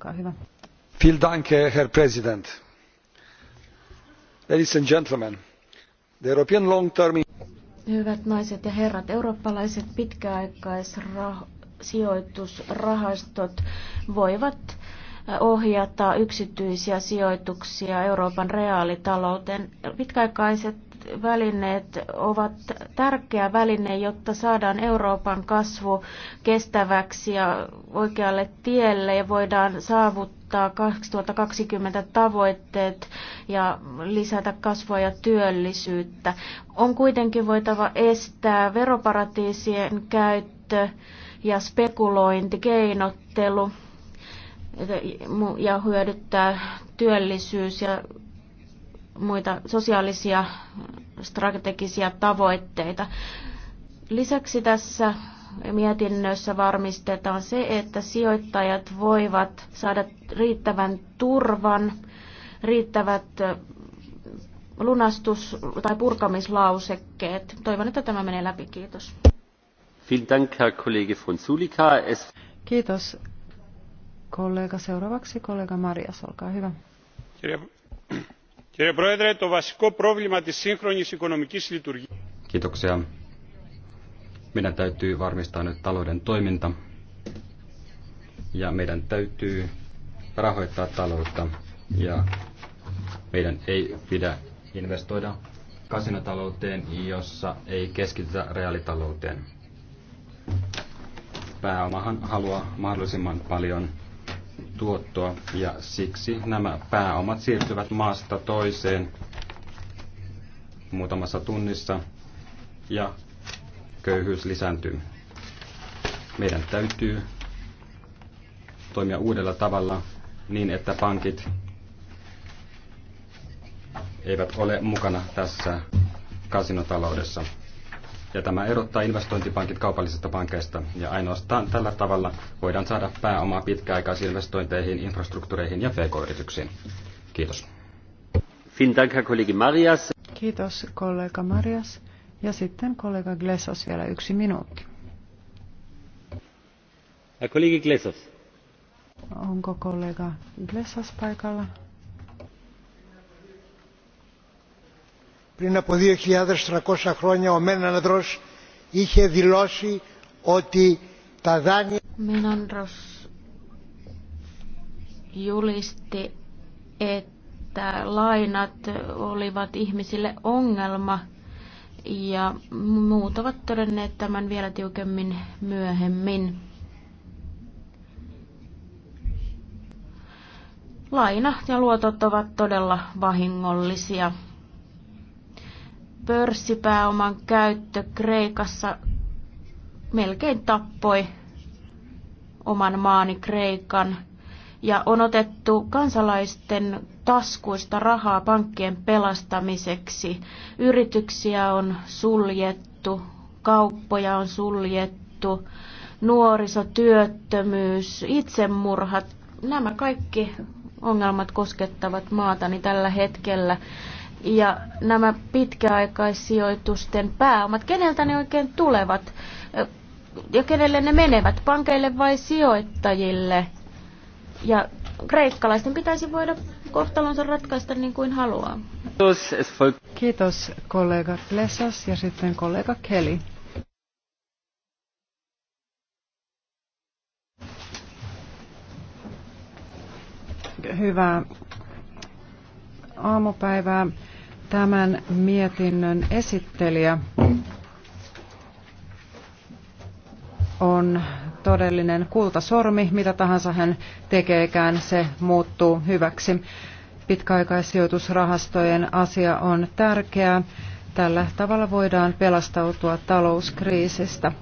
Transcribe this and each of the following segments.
Olkaa hyvä. Vielen Dank, Herr President. Ladies and gentlemen, the European long term... Hyvät naiset ja herrat, eurooppalaiset pitkäaikaissijoitusrahastot voivat äh, ohjata yksityisiä sijoituksia Euroopan reaalitalouteen. Pitkäaikaiset välineet ovat tärkeä väline, jotta saadaan Euroopan kasvu kestäväksi ja oikealle tielle ja voidaan saavuttaa 2020 tavoitteet ja lisätä kasvua ja työllisyyttä. On kuitenkin voitava estää veroparatiisien käyttö ja spekulointi, keinottelu ja hyödyttää työllisyys ja muita sosiaalisia strategisia tavoitteita. Lisäksi tässä mietinnössä varmistetaan se, että sijoittajat voivat saada riittävän turvan, riittävät lunastus- tai purkamislausekkeet. Toivon, että tämä menee läpi. Kiitos. Kiitos kollega. Seuraavaksi kollega Marias, olkaa hyvä. Kiitoksia. Meidän täytyy varmistaa nyt talouden toiminta ja meidän täytyy rahoittaa taloutta ja meidän ei pidä investoida kasinotalouteen, jossa ei keskitytä reaalitalouteen. Pääomahan haluaa mahdollisimman paljon tuottoa ja siksi nämä pääomat siirtyvät maasta toiseen muutamassa tunnissa ja köyhyys lisääntyy. Meidän täytyy toimia uudella tavalla niin, että pankit eivät ole mukana tässä kasinotaloudessa. Ja tämä erottaa investointipankit kaupallisista pankeista. Ja ainoastaan tällä tavalla voidaan saada pääomaa pitkäaikaisinvestointeihin, infrastruktuureihin ja pk-yrityksiin. Kiitos. Kiitos kollega Marias. Ja sitten kollega Glesos vielä yksi minuutti. Kollega Onko kollega Glesos paikalla? πριν από 2.300 χρόνια ο Μένανδρος είχε δηλώσει ότι τα δάνεια... Μένανδρος julisti, että lainat olivat ihmisille ongelma ja muut ovat todenneet tämän vielä tiukemmin myöhemmin. Laina ja luotot ovat todella vahingollisia pörssipääoman käyttö Kreikassa melkein tappoi oman maani Kreikan ja on otettu kansalaisten taskuista rahaa pankkien pelastamiseksi. Yrityksiä on suljettu, kauppoja on suljettu, nuorisotyöttömyys, itsemurhat, nämä kaikki ongelmat koskettavat maatani tällä hetkellä ja nämä pitkäaikaissijoitusten pääomat, keneltä ne oikein tulevat ja kenelle ne menevät, pankeille vai sijoittajille? Ja kreikkalaisten pitäisi voida kohtalonsa ratkaista niin kuin haluaa. Kiitos kollega Plesas ja sitten kollega Kelly. Hyvää aamupäivää tämän mietinnön esittelijä on todellinen kultasormi, mitä tahansa hän tekeekään, se muuttuu hyväksi. Pitkäaikaissijoitusrahastojen asia on tärkeä. Tällä tavalla voidaan pelastautua talouskriisistä.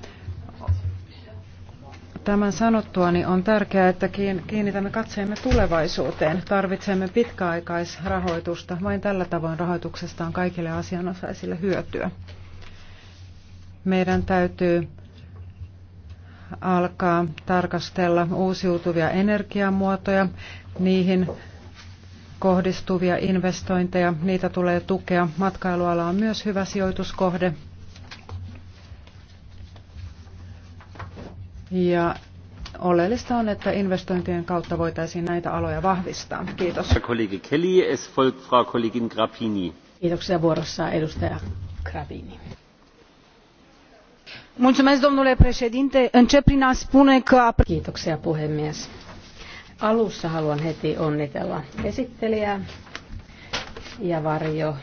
Tämän sanottuani on tärkeää, että kiinnitämme katseemme tulevaisuuteen. Tarvitsemme pitkäaikaisrahoitusta. Vain tällä tavoin rahoituksesta on kaikille asianosaisille hyötyä. Meidän täytyy alkaa tarkastella uusiutuvia energiamuotoja, niihin kohdistuvia investointeja, niitä tulee tukea. Matkailuala on myös hyvä sijoituskohde Ja oleellista on, että investointien kautta voitaisiin näitä aloja vahvistaa. Kiitos. Kollegi Kelly, es folgt Frau Kollegin Grappini. Kiitoksia vuorossa edustaja Grappini. Mulțumesc, domnule președinte. Încep prin a spune că... Kiitoksia, puhemies. Alussa haluan heti onnitella esittelijää ja varjo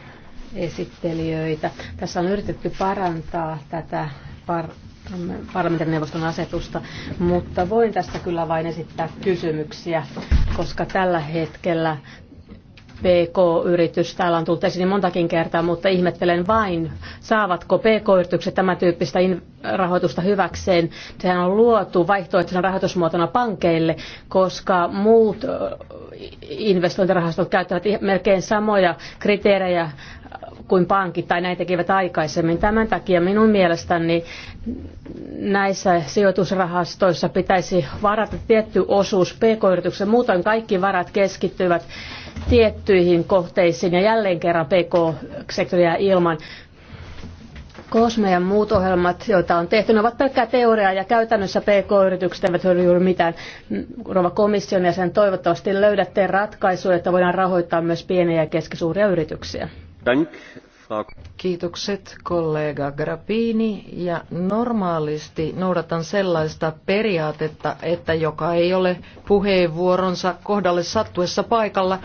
esittelijöitä. Tässä on yritetty parantaa tätä par- parlamentin neuvoston asetusta, mutta voin tässä kyllä vain esittää kysymyksiä, koska tällä hetkellä PK-yritys, täällä on tullut esiin montakin kertaa, mutta ihmettelen vain, saavatko PK-yritykset tämän tyyppistä rahoitusta hyväkseen. Sehän on luotu vaihtoehtoisena rahoitusmuotona pankeille, koska muut investointirahastot käyttävät melkein samoja kriteerejä kuin pankit tai näin tekivät aikaisemmin. Tämän takia minun mielestäni näissä sijoitusrahastoissa pitäisi varata tietty osuus pk-yrityksen. Muutoin kaikki varat keskittyvät tiettyihin kohteisiin ja jälleen kerran pk-sektoria ilman. Kosme ja muut ohjelmat, joita on tehty, ne ovat pelkkää teoriaa ja käytännössä PK-yritykset eivät hyödy juuri mitään. Rova komission ja sen toivottavasti löydätte ratkaisuja, että voidaan rahoittaa myös pieniä ja keskisuuria yrityksiä. Kiitokset kollega Grappini ja normaalisti noudatan sellaista periaatetta, että joka ei ole puheenvuoronsa kohdalle sattuessa paikalla,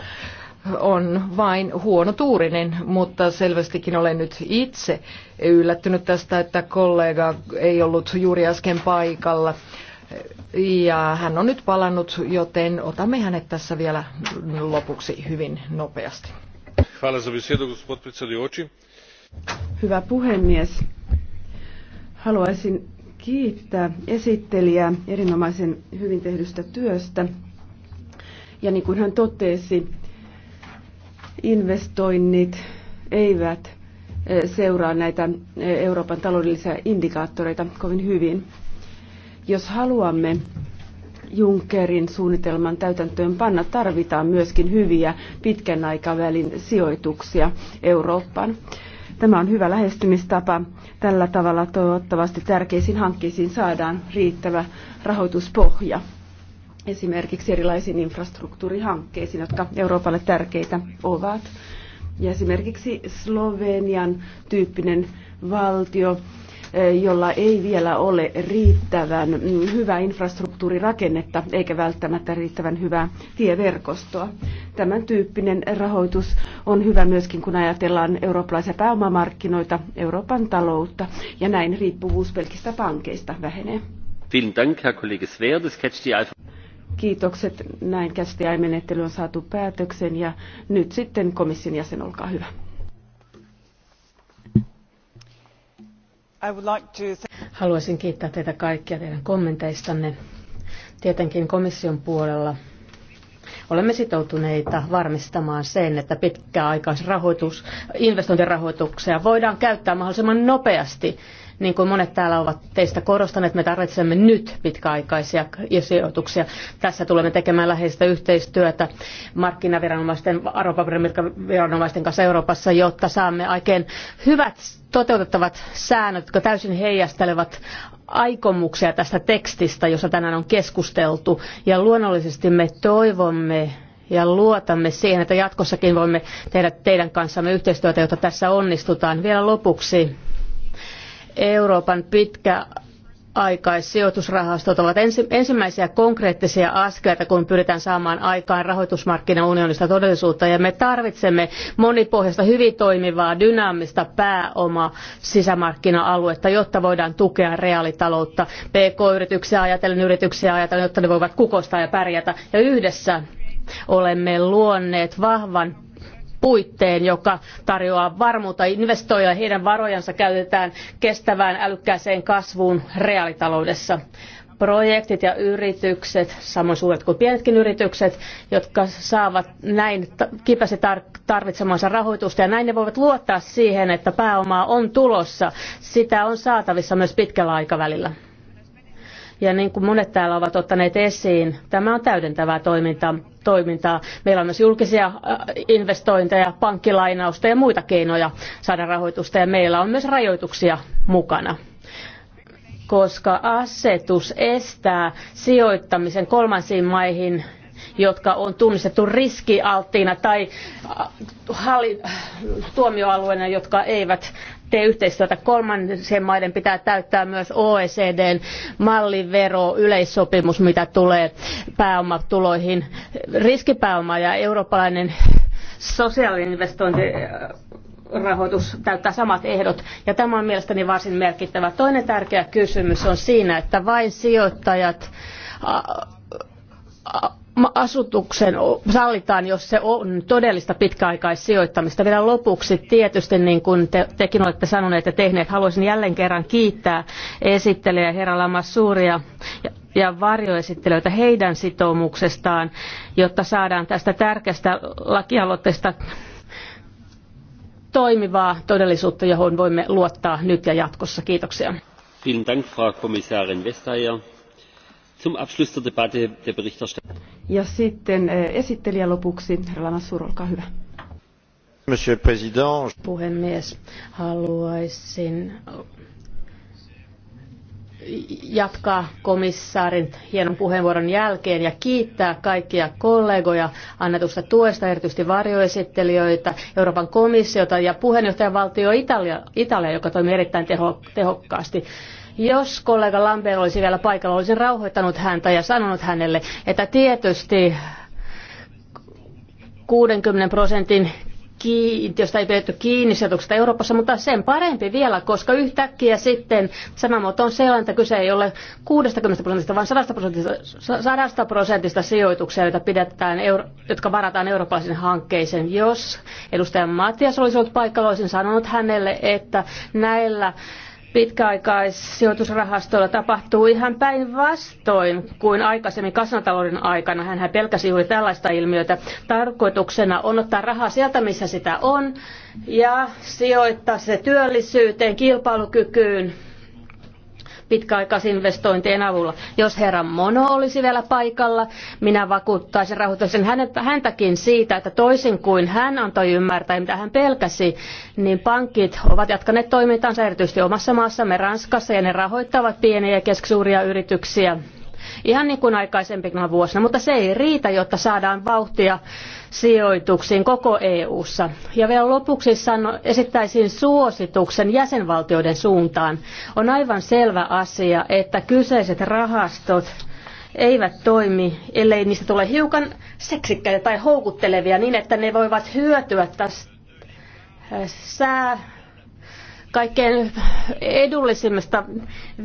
on vain huono tuurinen, mutta selvästikin olen nyt itse yllättynyt tästä, että kollega ei ollut juuri äsken paikalla. Ja hän on nyt palannut, joten otamme hänet tässä vielä lopuksi hyvin nopeasti. Hyvä puhemies. Haluaisin kiittää esittelijää erinomaisen hyvin tehdystä työstä. Ja niin kuin hän totesi, investoinnit eivät e, seuraa näitä e, Euroopan taloudellisia indikaattoreita kovin hyvin. Jos haluamme Junckerin suunnitelman täytäntöönpanna tarvitaan myöskin hyviä pitkän aikavälin sijoituksia Eurooppaan. Tämä on hyvä lähestymistapa. Tällä tavalla toivottavasti tärkeisiin hankkeisiin saadaan riittävä rahoituspohja esimerkiksi erilaisiin infrastruktuurihankkeisiin, jotka Euroopalle tärkeitä ovat. Ja esimerkiksi Slovenian tyyppinen valtio jolla ei vielä ole riittävän mm, hyvää infrastruktuurirakennetta eikä välttämättä riittävän hyvää tieverkostoa. Tämän tyyppinen rahoitus on hyvä myöskin, kun ajatellaan eurooppalaisia pääomamarkkinoita, Euroopan taloutta ja näin riippuvuus pelkistä pankeista vähenee. Kiitokset. Näin menettely on saatu päätöksen ja nyt sitten komission jäsen, olkaa hyvä. Haluaisin kiittää teitä kaikkia teidän kommenteistanne. Tietenkin komission puolella olemme sitoutuneita varmistamaan sen, että pitkäaikaisrahoitus, investointirahoituksia voidaan käyttää mahdollisimman nopeasti niin kuin monet täällä ovat teistä korostaneet, me tarvitsemme nyt pitkäaikaisia sijoituksia. Tässä tulemme tekemään läheistä yhteistyötä markkinaviranomaisten, arvopaperimirkaviranomaisten kanssa Euroopassa, jotta saamme oikein hyvät toteutettavat säännöt, jotka täysin heijastelevat aikomuksia tästä tekstistä, jossa tänään on keskusteltu. Ja luonnollisesti me toivomme ja luotamme siihen, että jatkossakin voimme tehdä teidän kanssamme yhteistyötä, jotta tässä onnistutaan. Vielä lopuksi Euroopan pitkä aikaissijoitusrahastot ovat ensimmäisiä konkreettisia askeleita, kun pyritään saamaan aikaan rahoitusmarkkinaunionista todellisuutta. Ja me tarvitsemme monipohjaista, hyvin toimivaa, dynaamista pääoma sisämarkkina-aluetta, jotta voidaan tukea reaalitaloutta, pk-yrityksiä ajatellen, yrityksiä ajatellen, jotta ne voivat kukostaa ja pärjätä. Ja yhdessä olemme luonneet vahvan puitteen, joka tarjoaa varmuutta investoijille. Heidän varojansa käytetään kestävään älykkääseen kasvuun reaalitaloudessa projektit ja yritykset, samoin suuret kuin pienetkin yritykset, jotka saavat näin kipästi tarvitsemansa rahoitusta ja näin ne voivat luottaa siihen, että pääomaa on tulossa. Sitä on saatavissa myös pitkällä aikavälillä. Ja niin kuin monet täällä ovat ottaneet esiin, tämä on täydentävää toimintaa. toimintaa. Meillä on myös julkisia äh, investointeja, pankkilainausta ja muita keinoja saada rahoitusta ja meillä on myös rajoituksia mukana koska asetus estää sijoittamisen kolmansiin maihin jotka on tunnistettu riskialttiina tai äh, tuomioalueena, jotka eivät tee yhteistyötä. Kolmansien maiden pitää täyttää myös OECDn mallivero yleissopimus, mitä tulee pääomatuloihin. Riskipääoma ja eurooppalainen sosiaalinen investointi rahoitus täyttää samat ehdot. Ja tämä on mielestäni varsin merkittävä. Toinen tärkeä kysymys on siinä, että vain sijoittajat asutuksen sallitaan, jos se on todellista pitkäaikaissijoittamista. Vielä lopuksi tietysti, niin kuin te, tekin olette sanoneet ja tehneet, haluaisin jälleen kerran kiittää esittelijä herra suuria ja, ja varjoesittelijöitä heidän sitoumuksestaan, jotta saadaan tästä tärkeästä lakialoitteesta toimivaa todellisuutta, johon voimme luottaa nyt ja jatkossa. Kiitoksia. Vielen Dank, Frau Kommissarin Vestager. Zum Abschluss der Debatte der Berichterstatter. Ja sitten äh, esittelijä lopuksi, Lamassur, olkaa hyvä. Monsieur President. Puhemies, haluaisin jatkaa komissaarin hienon puheenvuoron jälkeen ja kiittää kaikkia kollegoja annetusta tuesta, erityisesti varjoesittelijöitä, Euroopan komissiota ja puheenjohtajavaltio Italia, Italia joka toimii erittäin teho, tehokkaasti. Jos kollega Lambert olisi vielä paikalla, olisin rauhoittanut häntä ja sanonut hänelle, että tietysti 60 prosentin kiintiöstä ei pidetty kiinni sijoituksesta Euroopassa, mutta sen parempi vielä, koska yhtäkkiä sitten sanamuoto on sellainen, että kyse ei ole 60 prosentista, vaan 100 prosentista, 100 prosentista sijoituksia, joita, pidetään, jotka varataan eurooppalaisiin hankkeisiin. Jos edustaja Matias olisi ollut paikalla, olisin sanonut hänelle, että näillä pitkäaikaissijoitusrahastoilla tapahtuu ihan päinvastoin kuin aikaisemmin kasvatalouden aikana. hän pelkäsi juuri tällaista ilmiötä. Tarkoituksena on ottaa rahaa sieltä, missä sitä on, ja sijoittaa se työllisyyteen, kilpailukykyyn, pitkäaikaisinvestointien avulla. Jos herra Mono olisi vielä paikalla, minä vakuuttaisin, rahoittaisin häntäkin siitä, että toisin kuin hän antoi ymmärtää, mitä hän pelkäsi, niin pankit ovat jatkaneet toimintaansa erityisesti omassa maassamme Ranskassa ja ne rahoittavat pieniä ja keskisuuria yrityksiä ihan niin kuin aikaisempina vuosina, mutta se ei riitä, jotta saadaan vauhtia sijoituksiin koko EU-ssa. Ja vielä lopuksi sano, esittäisin suosituksen jäsenvaltioiden suuntaan. On aivan selvä asia, että kyseiset rahastot eivät toimi, ellei niistä tule hiukan seksikkäitä tai houkuttelevia niin, että ne voivat hyötyä tästä sää kaikkein edullisimmasta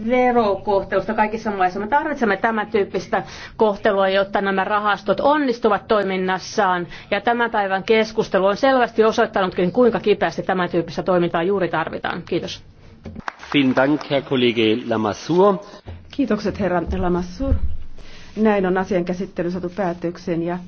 verokohtelusta kaikissa maissa. Me tarvitsemme tämän tyyppistä kohtelua, jotta nämä rahastot onnistuvat toiminnassaan. Ja tämän päivän keskustelu on selvästi osoittanutkin, kuinka kipeästi tämän tyyppistä toimintaa juuri tarvitaan. Kiitos. Kiitokset herra Lamassur. Näin on asian käsittely saatu päätökseen ja